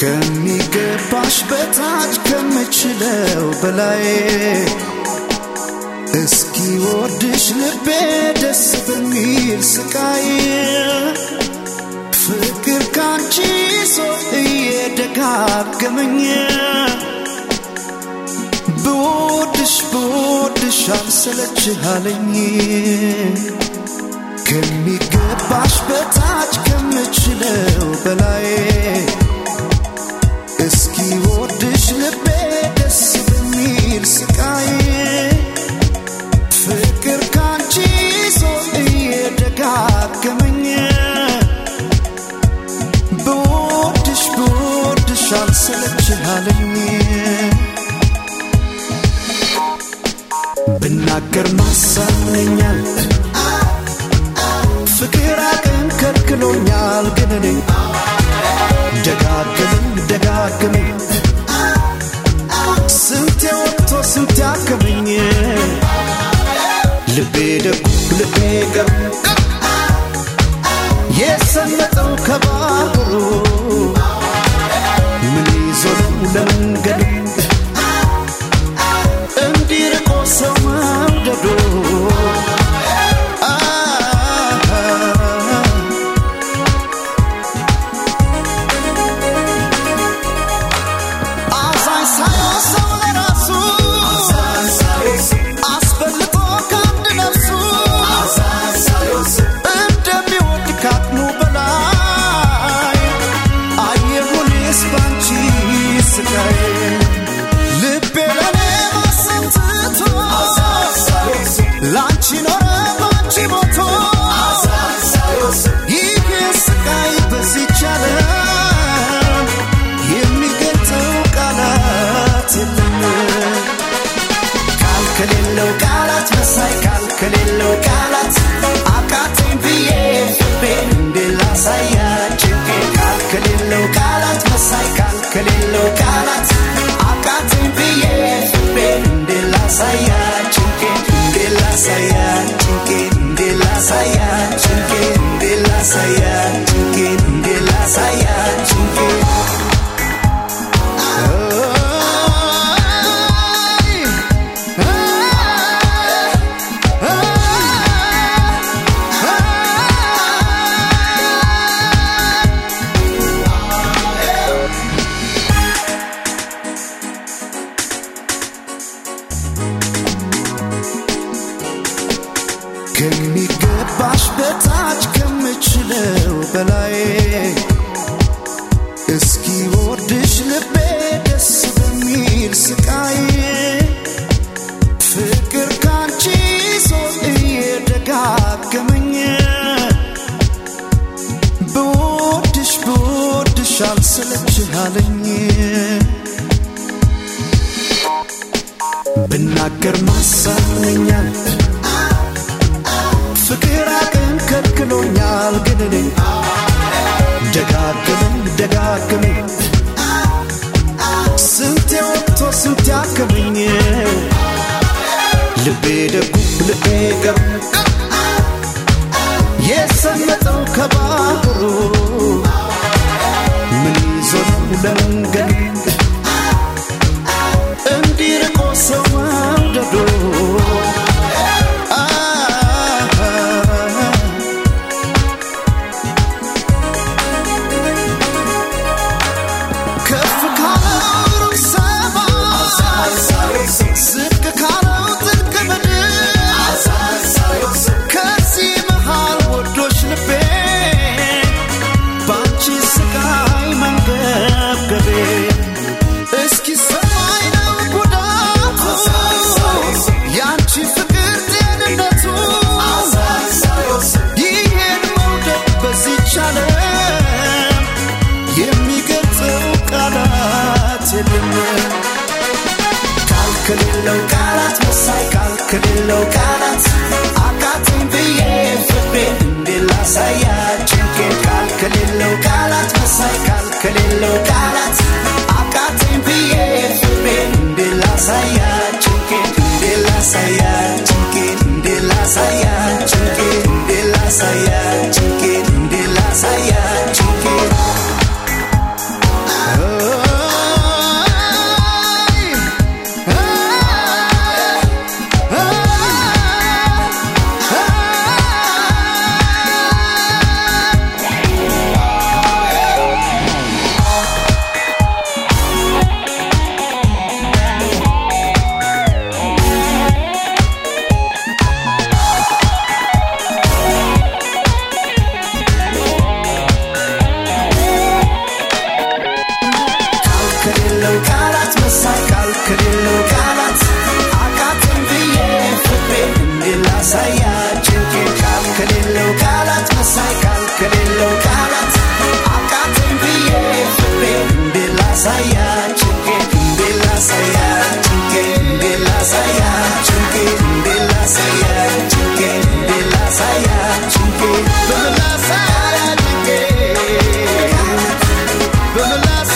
ከሚገባሽ በታች ከምችለው በላይ እስኪ ወድሽ ልቤ ደስ በሚል ስቃይ ፍቅር ካንቺ ሰው እየደጋገመኝ ብወድሽ ብወድሽ አልሰለችሃለኝ ከሚገባሽ በታች ከምችለው በላይ ሰለችሃለኝ ብናገር ማሳመኛል ፍቅር አቅም ከልክሎኛል ግን እኔ ደጋግመኝ ደጋግመኝ ስንቴ ወጥቶ ስንቴ አከመኝ ልቤ ደጉ ልቤ ገቡ የሰመጠው yeah. ደጋግመኝ ብወድሽ ብወድሽ አልሰለችህ አለኝ ብናገር ማሳመኛል ፍቅር አቅም ከልክሎኛል ግን እኔ ደጋግመኝ ደጋግመኝ ስንቴ ወጥቶ ስንቴ አክመኝ ልቤ ደጉ ልቤ ገብ የተሰመጠው ከባህሩ ምን ይዞት ለመንገድ lokalat mos kalk de lokalat akatun de yefet bin de lasayat chunke kalk de lokalat mos kalk de lokalat last